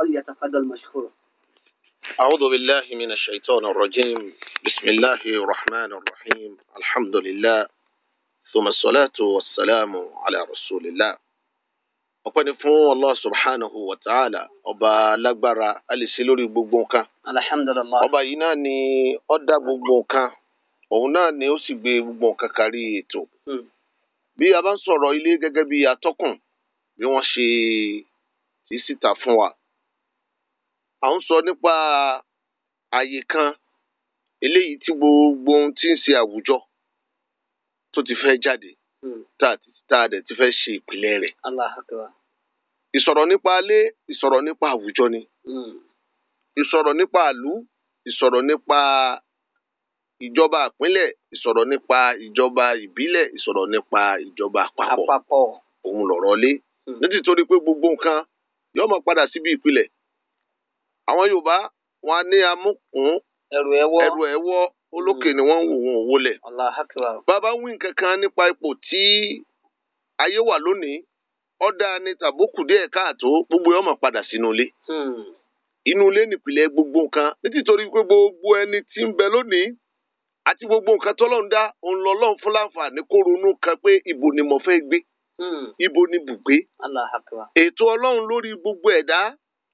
فليتفضل مشكورا أعوذ بالله من الشيطان الرجيم بسم الله الرحمن الرحيم الحمد لله ثم الصلاة والسلام على رسول الله ọpẹ́ ni fún allah subhanahu wa ta'ala ọba lágbára a lè ṣe lórí gbogbo nǹkan. alhamdulilayi. ọba yìí náà ni ó dá gbogbo nǹkan òun náà ni ó sì gbé gbogbo nǹkan kárí ètò. Hmm. bí a bá ń sọ̀rọ̀ ilé gẹ́gẹ́ bí atọ́kùn bí wọ́n ṣe ti síta fún wa à ń sọ nípa àyè kan eléyìí tí gbogbo ohun tí ń ṣe àwùjọ tó ti fẹ́ jáde hmm. tá a dẹ̀ ti fẹ́ ṣe ìpìlẹ̀ rẹ̀. ìsọ̀rọ̀ nípa alé ìsọ̀rọ̀ nípa àwùjọ ni hmm. ìsọ̀rọ̀ nípa àlú ìsọ̀rọ̀ nípa ìjọba àpínlẹ̀ ìsọ̀rọ̀ nípa ìjọba ìbílẹ̀ ìsọ̀rọ̀ nípa ìjọba àpapọ̀ òun lọ̀rọ̀ lé hmm. nítorí pé gbogbo nǹkan yóò máa padà síbi ìpìlẹ̀ àwọn Yorùbá wọn a ní amúkún ẹrù ẹ̀ wọ́ olókè hmm. ni wọ́n ń wò wọ́n bàbá wí nǹkan nípa ipò tí ayé wà lónìí ọ̀dà ni tàbókù díẹ̀ káàtó gbogbo ọmọ padà sínú ilé. Hmm. inú ilé nìpìlẹ̀ gbogbo nǹkan nítorí gbogbo ẹni tí ń bẹ lónìí gbogbo nǹkan dá fún láǹfààní kó ronú kan pé ibo ni mo fẹ́ gbé hmm. ibo ni bùgbé ètò ọlọ́run lórí gbogbo ẹ̀dá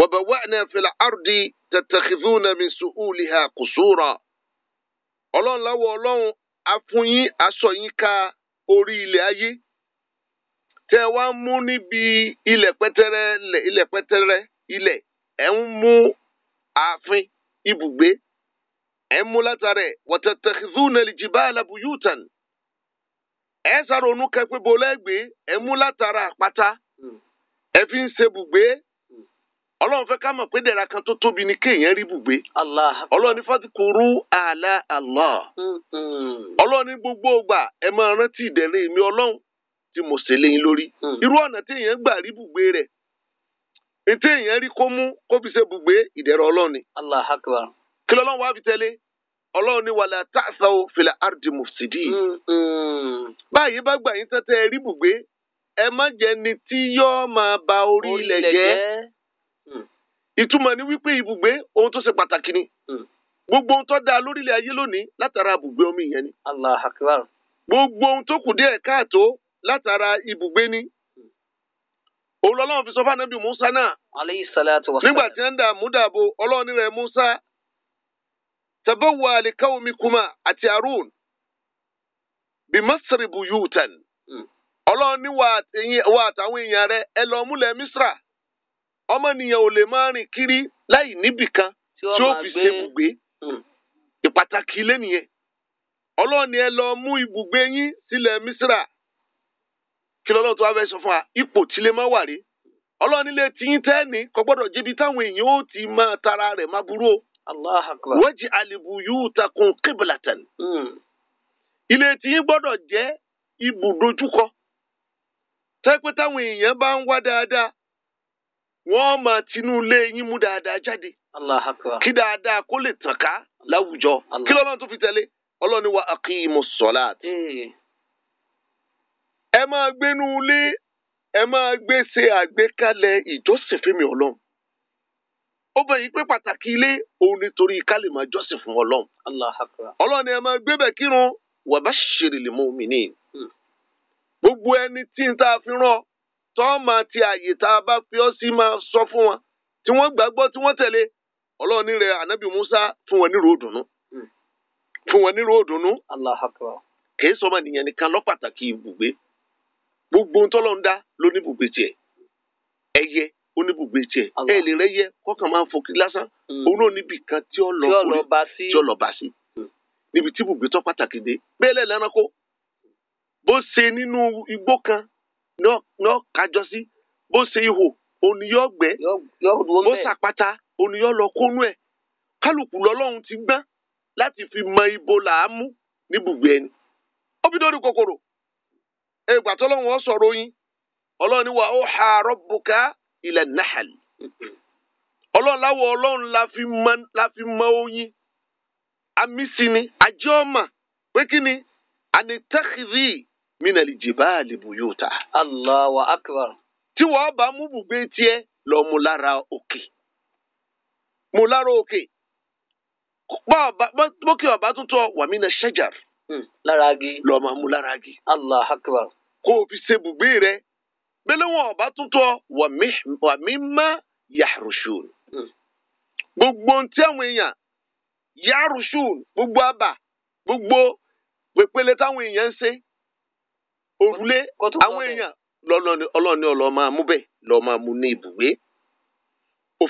wabawa'na fil ardi tattakhidhuna min su'uliha qusura ọlọ́run láwọ̀ ọlọ́run afúnyín aṣọyín ka orí ilẹ̀ ayé tẹ́ wá mú níbi ilẹ̀ pẹ́tẹ́rẹ́ ilẹ̀ pẹ́tẹ́rẹ́ ilẹ̀ ẹ̀ ń mú ààfin ibùgbé ẹ̀ ń mú látara ẹ̀ watattakhidhuna al-jibala buyutan ẹ̀ sàrònú kẹ́pẹ́ bọ́lẹ́gbẹ̀ẹ́ ẹ̀ mú látara àpáta ẹ̀ fi ń ṣe bùgbé ọlọ́run fẹ́ ká mọ̀ pé dẹ̀ra kan tó tóbi ni kéèyàn rí bùgbé. ọlọ́run ní fàtíkùrú àlà Allah. ọlọ́run ní mm-hmm. gbogbo ọgbà ẹ máa rántí ìdẹ̀rẹ̀ èmi ọlọ́run tí mo ṣe lẹ́yìn lórí. Mm. irú ọ̀nà téèyàn gbà rí bùgbé rẹ̀ ètè èèyàn rí kó mú kó fi ṣe bùgbé ọlọ́run wá fi tẹ́lẹ̀ ọlọ́run ní ò mm-hmm. gbà rí ìtumọ̀ ni wípé ibùgbé ohun tó ṣe pàtàkì ni hmm. gbogbo ohun tó dáa lórílẹ̀ ayé lónìí látara ibùgbé omi yẹn gbogbo ohun tó kù díẹ̀ káàtó látara ibùgbé ni. Hmm. òun fi sọ fún Musa náà. nígbà tí Musa àti Harun bí hmm. wà àtàwọn èèyàn rẹ̀ Misra. ọmọnìyàn ò lè máa rìn kiri láì níbìkan tí ó fi ṣe ibùgbé hmm. ìpàtàkì ilé nìyẹn ọlọ́ọ̀ni ẹ lọ mú ibùgbé yín sílẹ̀ Mísírà kí lọ́lọ́ tó wá fẹ́ sọ fún wa ipò tílé máa wà rí ọlọ́ọ̀ni lè tẹ́ẹ̀nì gbọ́dọ̀ táwọn tara rẹ̀ máa burú o yóò hmm. ilé tiyín gbọ́dọ̀ jẹ́ ibùdójúkọ tẹ́pẹ́ táwọn èèyàn bá ń wá wọ́n máa tinú ilé yín mú dáadáa jáde. kí dáadáa kó lè tàn ká láwùjọ kí lọ́nà tó fi tẹ̀lé ọlọ́ni wa aqimu ssalat. Eh. ẹ máa gbénú ilé ẹ máa gbé àgbékalẹ̀ ìjọsìn fún mi ọlọ́run. ó bẹ̀ yí pé pàtàkì ilé òun nítorí ká máa jọ́sìn fún ọlọ́run. ọlọ́run ẹ máa gbé bẹ̀ kírun wa bashiril mu'minin. Hmm. gbogbo ẹni tí n ta fi rán ọ tó máa ti àyè tá a bá fi ọ́ sí máa sọ fún wọn tí wọ́n gbàgbọ́ tí wọ́n tẹ̀lé ọlọ́run rẹ̀ Musa fún wọn nírò òdùnnú hmm. fún wọn nírò òdùnnú kìí sọmọ nìyẹn nìkan lọ ibùgbé gbogbo dá ló ní ibùgbé tiẹ̀ ẹ kọ́kàn máa ń fokí lásán hmm. òun náà níbi kan tí ó lọ tí ó lọ bá sí hmm. níbi tí ibùgbé tó pàtàkì dé bẹ́ẹ̀ lẹ́ẹ̀lẹ́ranko náà kájọ sí bó ṣe ihò òní yọ gbẹ bó ṣàpáta òní yọ lọ kónú ẹ kálukú lọ́lọ́run ti gbọ́n láti fi mọ ibo là á mú níbùgbé ẹni ó fi dórí kòkòrò ẹgbà tọ́lọ́run ọ sọ̀rọ̀ yín Ọlọrun ni wà ó ha rabbuka ila nahal ọlọ́run láwọ ọlọrun la fi mọ oyin amísí ni àjẹ́ ọmọ pé kí ni ànitẹ́kìrì minali jibali buyuta. wa akbar. tí wọ́n bá mú bùgbé tiẹ̀ lọ mú lára òkè mú lára òkè bókè ọba tuntun wàmínà ṣẹjar. Hmm, lára agi. lọ máa mú lára agi. Allahu akbar. kó o fi ṣe bùgbé rẹ gbẹlẹ́wọ̀n ọba wa wàmímá yahrushun. Hmm. gbogbo ntí àwọn èèyàn yahrushun gbogbo aba, gbogbo pèpele táwọn èèyàn ń òrùlé àwọn èèyàn lọ́lọ́ni ọlọ́ni máa mú bẹ́ẹ̀ lọ́ máa mú ní ibùgbé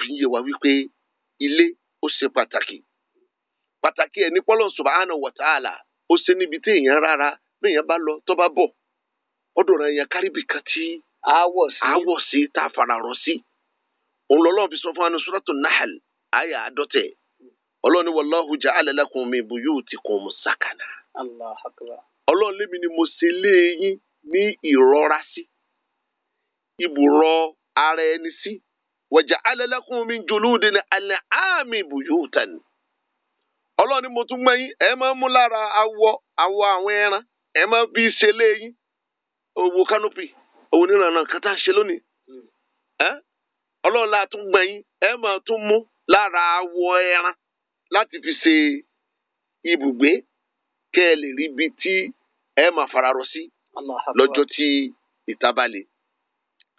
fi yé wa wípé ilé ó ṣe pàtàkì pàtàkì ẹ̀ ní pọ́lọ́ subhanahu wa ta'ala ó ṣe níbi tí èèyàn rárá bí èèyàn bá lọ tó bá bọ̀ ọdọ̀ rẹ̀ yẹn káríbì kan tí àwọ̀ sí tá a fara rọ sí òun fi sọ fún anu suratu nahal àyà àdọ́tẹ̀ mm. ọlọ́ni wallahu ja'ala lakum min ọlọ́run lémi ni mo ṣe lé yín ní ìrọra sí ibùrọ̀ ara ẹni sí wọ̀jà alẹ́lẹ́kùn mi jòlóde ní alẹ́ àmì bùyóòtà ni ọlọ́run ni mo tún mọ yín ẹ máa ń mú lára awọ awọ àwọn ẹran ẹ máa fi ṣe lé yín owó lónìí ọlọ́run tún yín ẹ máa tún mú kẹ́ ẹ lè rí ibi tí ẹ máa fararọ sí lọ́jọ́ tí ìta bá le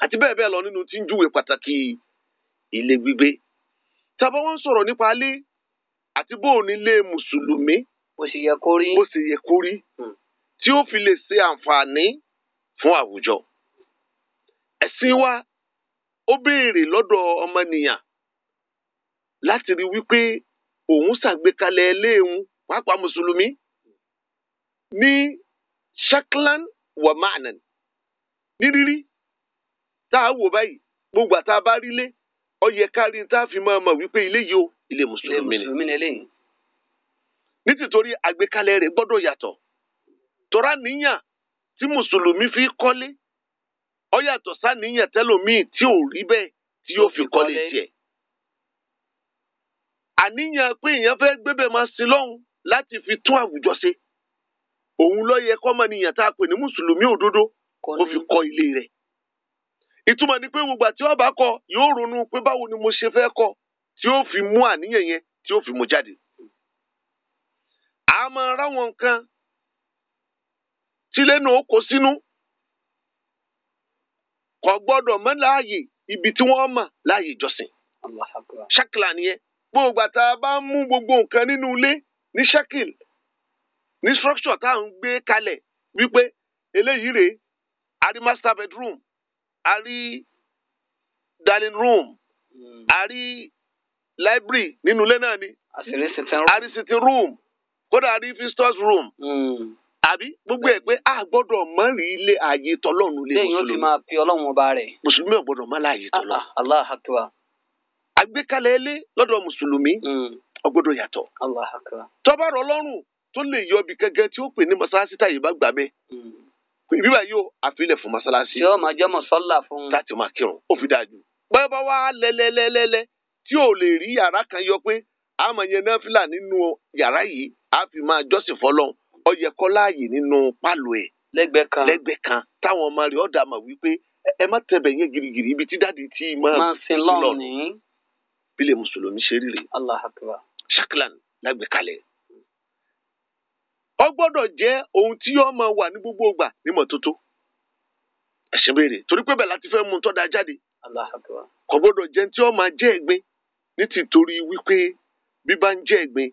àti bẹ́ẹ̀ bẹ́ẹ̀ lọ nínú tí ń júwe pàtàkì ilé gbígbé tàbá wọn sọ̀rọ̀ nípa alé àti bóun ilé mùsùlùmí bó ṣe yẹ kó rí bó ṣe yẹ kó rí hmm. tí ó fi lè ṣe àǹfààní fún àwùjọ ẹ̀sìn wa ó béèrè lọ́dọ̀ ọmọnìyàn láti rí wípé òun ṣàgbékalẹ̀ ilé pàápàá mùsùlùmí ní shaklan wa ma'nan ní rírí tá a wò báyìí gbogbo àtà bá rí lé ó yẹ kárí tá a fi máa mọ̀ wípé ilé yìí o ilé mùsùlùmí ni ní tìtorí àgbékalẹ̀ rẹ̀ gbọ́dọ̀ yàtọ̀ tọ́ra níyàn tí mùsùlùmí fi kọ́lé ó yàtọ̀ sáníyàn tẹ́lòmíì tí ò rí bẹ́ẹ̀ tí yóò fi kọ́lé tiẹ̀. àníyàn pé èèyàn fẹ́ gbébẹ̀ máa sin lọ́hùn láti fi tún àwùjọ ṣe òun ló yẹ kọ́mọnìyàn tá a pè ní mùsùlùmí òdodo kó fi kọ ilé rẹ̀. ìtumọ̀ ni pé gbogbo tí ó bá yóò ronú pé báwo ni mo ṣe fẹ́ kọ tí ó fi mú àníyàn yẹn tí ó fi mú jáde. a máa ráwọn nǹkan tílé náà kó sínú kò gbọ́dọ̀ mọ́ láàyè ibi tí wọ́n mọ̀ láàyè ìjọsìn. ṣákìlà nìyẹn gbogbo àtà bá ń mú gbogbo nǹkan nínú ilé ní ṣákìlì ní structure tá à ń gbé kalẹ̀ wípé eléyìí rèé a rí master bedroom a rí dining room hmm. a rí library nínú ilé náà ni a rí sitting room kódà a rí visitors room hmm. àbí gbogbo ẹ pé a gbọ́dọ̀ mọ rí ilé ààyè tọlọ́run lé mùsùlùmí. lẹ́yìn ó ti máa fi Ọlọ́run ọba rẹ̀. mùsùlùmí ò gbọ́dọ̀ mọ láàyè tọlọ́run. Ah, ah, Allah akbar. àgbékalẹ̀ ilé lọ́dọ̀ mùsùlùmí ó hmm. gbọ́dọ̀ yàtọ̀. Allah akbar. tó bá lọ́rùn tó lè yọ ibi gẹ́gẹ́ tí ó pè ní masalasi táyé bá gbà bẹ́ẹ̀ hmm. ibi báyìí o àfilẹ̀ fún masalasi. yóò máa jẹ́ mọ̀sọ́là fún. láti máa kírun ó fi dáa jù. báyọ̀ bá wá lẹ́lẹ́lẹ́lẹ́lẹ́ tí ò lè rí yàrá kan yọ pé àmọ̀ yẹn náà fìlà nínú yàrá yìí á fi máa jọ́sìn fọlọ́ ọyẹ kọ́ láàyè nínú pálọ̀ ẹ̀. lẹ́gbẹ̀ẹ́ kan lẹ́gbẹ̀ẹ́ kan táwọn ọmọ rẹ̀ ọ̀dà mọ̀ wípé ẹ má tẹ̀bẹ̀ yẹn girigiri ibi tí dáàdi ti máa sin lọ́ọ̀nì. bílẹ̀ mùsùlùmí ṣe rí rè. Allahu Akbar. ṣakilan lágbèkalẹ̀ Ọ gbọdọ jẹ ohun tí yóò máa wà ní gbogbo ìgbà ní mọ́tótó ẹ béèrè torí pé bẹ́ẹ̀ láti fẹ́ mú un tọ́ da jáde kò gbọ́dọ̀ tí ọ máa jẹ́ ẹ̀gbin ní ti torí wípé bí bá ń jẹ́ ẹ̀gbin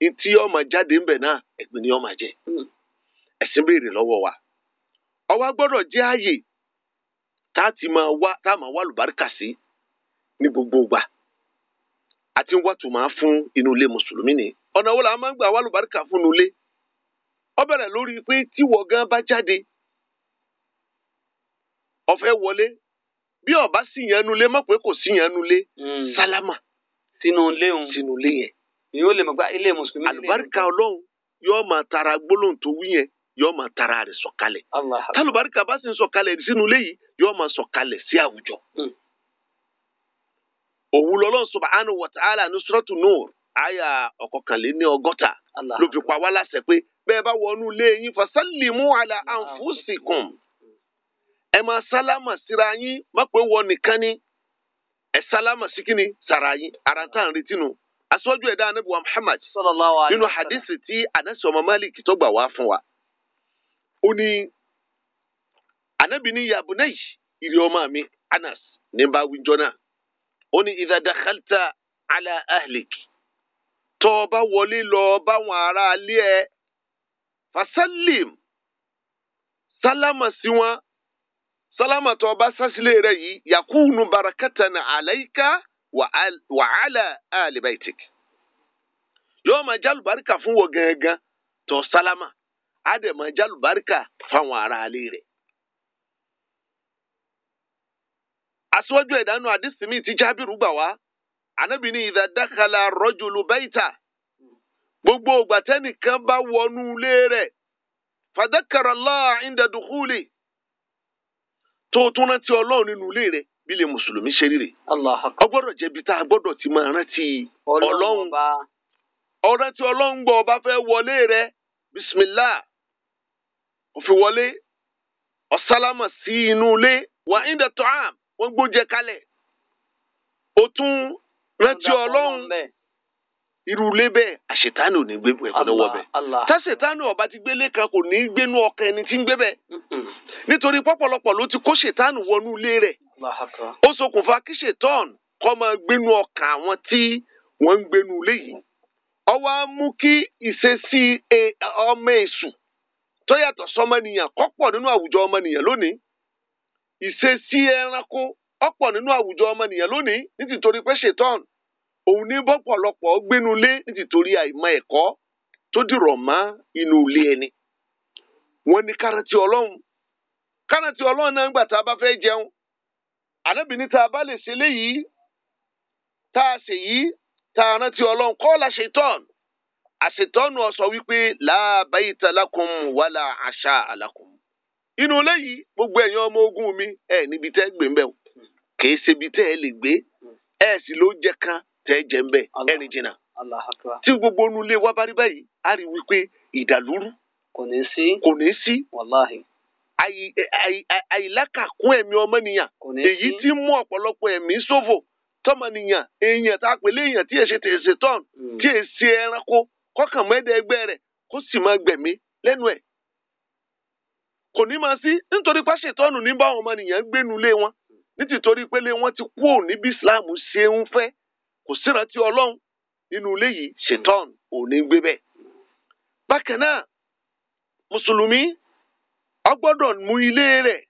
ní tí ọ máa jáde ńbẹ̀ ni ọ máa jẹ́ hmm. béèrè lọwọ wa gbọdọ jẹ́ ààyè tá a ti máa wá tá a máa wá lùbáríkà sí ní gbogbo àti la máa ń gbà wá lùbáríkà fún ó bẹ̀rẹ̀ lórí pé tíwọ̀ gan bá jáde ó fẹ́ wọlé bí ó bá sì yẹn nulẹ̀ mọ̀ pé kò sí yẹn nulẹ̀ hmm. sálámà sínú ilé òun sínú ilé yẹn. ìyóò lè mọ̀ gba ilé mùsùlùmí. àlùbáríkà ọlọ́run yóò máa tara gbólóhùn tó wí yẹn yóò máa tara rẹ̀ sọ̀kalẹ̀. tálùbáríkà bá sì ń sọ̀kalẹ̀ sínú ilé yìí yóò máa sọ̀kalẹ̀ sí àwùjọ. Hmm. òun lọ́lọ́run subhanahu wa ta'ala ní suratu nur àyà ọ̀kọ̀kànléní ọgọ́ta ló fi pa wá láṣẹ pé bẹ́ẹ̀ bá wọnú ilé yín fasallimu ala anfusikum ẹ máa sálámà síra yín má pé wọ nìkan ni ẹ sálámà sí kíni sàrà yín ara tá à ń retí nu aṣọ́jú ẹ̀dá anabi Muhammad nínú hadith tí Anas Malik tó gbà wá fún wa ó ní anabi ní yabunayi ìrì ọmọ mi Anas ní bá wíjọ náà ó ní idha dakhalta ala ahlik tọ́ ọ bá wọlé lọ báwọn ará alẹ́ ẹ fasalim sálámà sí wọn sálámà tó bá sásílẹ rẹ yìí yakunu barakatan alayka wa ala ali baitik yóò máa jálù báríkà fún wọn gangan tó sálámà á dẹ̀ máa jálù báríkà fáwọn aráalé rẹ̀. aṣíwájú ẹ̀dánù àdìsímì tí jábìrú gbà wá anábìíní idha dakhala rajulu baita gbogbo ìgbà tẹ́nìkan bá wọnú ilé rẹ fàdákàrà láà ìndàdúkúlì tó tún rántí ọlọ́run nínú ilé rẹ̀ bí lè mùsùlùmí ṣe rí rè. ti máa rántí ọlọ́run ọba fẹ wọlé rẹ̀ bisimilá òfin wọlé sí inú ilé wà ìndà tọ́hám wọ́n gbóúnjẹ kalẹ̀ irú ilé bẹ́ẹ̀ àṣetánù ní gbé ẹ̀kọ́ ní wọ́ bẹ́ẹ̀. táṣetánù ọba ti gbélé kan kò ní í gbénú ọkàn ẹni tí ń gbé bẹ́ẹ̀. nítorí pọ́pọ̀lọpọ̀ ló ti kó ṣetánù wọnú ilé rẹ̀. ó ṣokùnfà kí ṣetán kọ́ máa gbénú ọkàn àwọn tí wọ́n ń gbénú ilé yìí. ó wá mú kí ìṣesí e, ọmọ èṣù tó yàtọ̀ sọmọnìyàn kọ́pọ̀ nínú àwùjọ ọmọnìyàn lónìí. ìṣesí ẹranko ọ̀pọ̀ nínú àwùjọ ọmọnìyàn lónìí òun ní bọ́pọ̀lọpọ̀ gbénu lé nítorí àìmọ̀ ẹ̀kọ́ tó dìrọ̀ mọ́ inú ilé ẹni. wọ́n ní kárántì ọlọ́run kárántì ọlọ́run náà nígbà tá a bá fẹ́ jẹun ànábì ní tá a bá lè ṣe léyìí tá a ṣe yìí tá a rántí ọlọ́run kọ́ la ṣetán àṣetọ́nù ọ̀sọ̀ wípé láàbáyé talákùn wàlà àṣà àlàkùn inú léyìí gbogbo ẹ̀yin ọmọ ogun mi ẹ̀ níbi tẹ́ gbé ń bẹ̀ kì í ṣe ibi tẹ́ ẹ lè gbé ẹ̀ sì ló jẹ kan tẹ́ jẹ́ ń bẹ̀ jìnnà. tí gbogbo onú ilé wa báyìí a rí wípé ìdàlúrú kò ní sí kò ẹ̀mí ọmọnìyàn èyí tí mú ọ̀pọ̀lọpọ̀ ẹ̀mí ṣòfò tọmọnìyàn èèyàn tá a pè èèyàn tí èsè tèsè hmm. tí èsè ẹranko kọkàn mẹ́ẹ̀dẹ́ ẹgbẹ́ rẹ̀ kó sì máa gbẹ̀mí lẹ́nu ẹ̀ kò ní máa sí nítorí ní báwọn ọmọnìyàn gbénu wọn pé lé Islam ṣe ń kò sírántí ọlọ́run nínú ilé yìí ṣetán ò ní gbé bẹ́ẹ̀. bákan náà mùsùlùmí a gbọ́dọ̀ mú ilé rẹ̀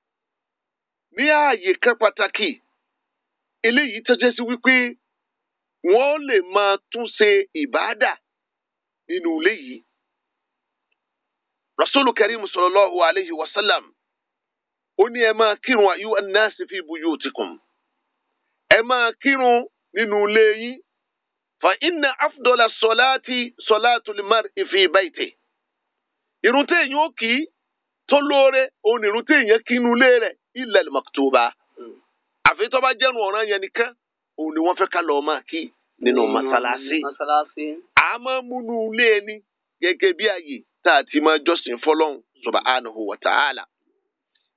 ní ààyè kan pàtàkì eléyìí tọ́jú sí wípé wọ́n lè máa tún ṣe ìbáàdà nínú ilé yìí. rasulu karim sallallahu alayhi wa sallam ó ní ẹ máa kírun nínú ilé yín fa inna afdọ́là sọláàtì sọláàtùlímàr ìfi ìbáìtì irun téèyàn ó kì í tó lóore òun irun téèyàn kí inú ilé rẹ̀ illa al-maktuba àfi tó bá jẹ́nu ọ̀ràn yẹn nìkan òun ni wọ́n fẹ́ ká lọ́ọ́ máa kí nínú mọ́sálásí a máa múnú ilé ẹni gẹ́gẹ́ bí ààyè tá a ti máa jọ́sìn fọlọ́hún subhanahu wa ta'ala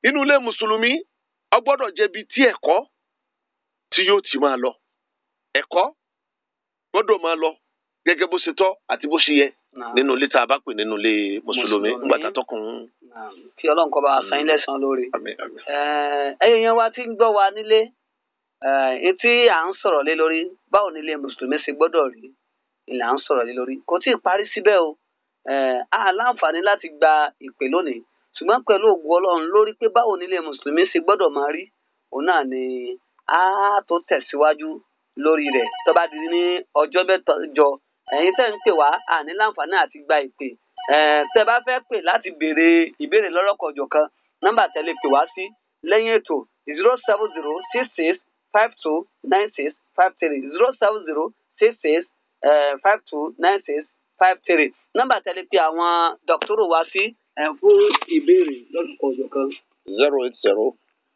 inú ilé mùsùlùmí ọgbọ́dọ̀ jẹ́ bi tí ẹ̀kọ́ tí yóò ti máa lọ ẹ̀kọ́ gbọ́dọ̀ máa lọ gẹ́gẹ́ bó ṣe tọ́ àti bó ṣe yẹ nínú ilé tá a bá pè nínú ilé mùsùlùmí nígbà tá a tọkùn. kí ọlọ́run kó bá wa san yín lẹ́san lórí. ẹ̀yin yẹn wá tí ń gbọ́ wa nílé etí à ń sọ̀rọ̀ lé lórí báwo ni mùsùlùmí ṣe gbọ́dọ̀ rí ilà ń sọ̀rọ̀ lé lórí kò tí ì parí síbẹ̀ o a láǹfààní láti gba ìpè lónìí ṣùgbọ́n pẹ̀lú ògùn ọlọ́run lórí pé báwo ni mùsùlùmí ṣe gbọ́dọ̀ máa rí òun náà ni a tó tẹ̀síwájú lórí rẹ̀ tó bá di ní ọjọ́ mẹ́tọ́jọ ẹ̀yin tẹ́ ń pè wá àní láǹfààní àti gba ìpè tẹ́ bá fẹ́ pè láti béèrè ìbéèrè lọ́lọ́kọ̀ọ̀jọ̀ kan nọ́mbà tẹ́ lè pè wá sí lẹ́yìn ètò zero seven zero six six five two nine six five three zero seven zero six six five two nine six five three nọ́mbà tẹ́ lè pè àwọn dọ́kítọ́rò wá sí fún ìbéèrè lọ́lọ́kọ̀ọ̀jọ̀ kan. zero eight zero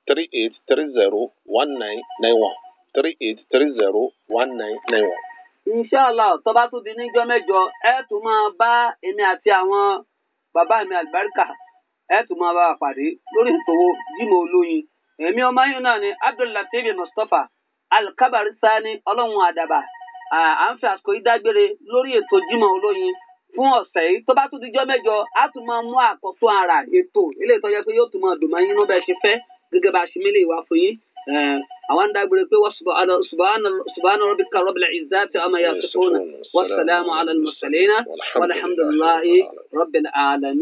three eight three zero one nine nine one three eight three zero one nine nine one. inshallah tó bá tún di níjọ́ mẹ́jọ ẹ tún máa bá èmi àti àwọn bàbá mi àlùbáríkà ẹ tún máa bá a pàdé lórí ètò Jímọ̀ Olóyin èmi ọmọ yín náà ni Abdullateef Mustapha alkabari sani ọlọ́run àdàbà à ń fi àsìkò yìí dágbére lórí ètò Jímọ̀ Olóyin fún ọ̀sẹ̀ yìí tó bá tún dijọ́ mẹ́jọ á tún máa mú àkọ́tún ara ètò eléyìí tó yẹ pé yóò tún máa dùn máa yín nú bẹ́ẹ̀ ṣe fẹ́ gẹ́gẹ́ bá a ṣe mílẹ̀ أوان دا بلوكي وسبحان سبحان ربك رب العزة أما يصفون والسلام على المرسلين والحمد لله رب العالمين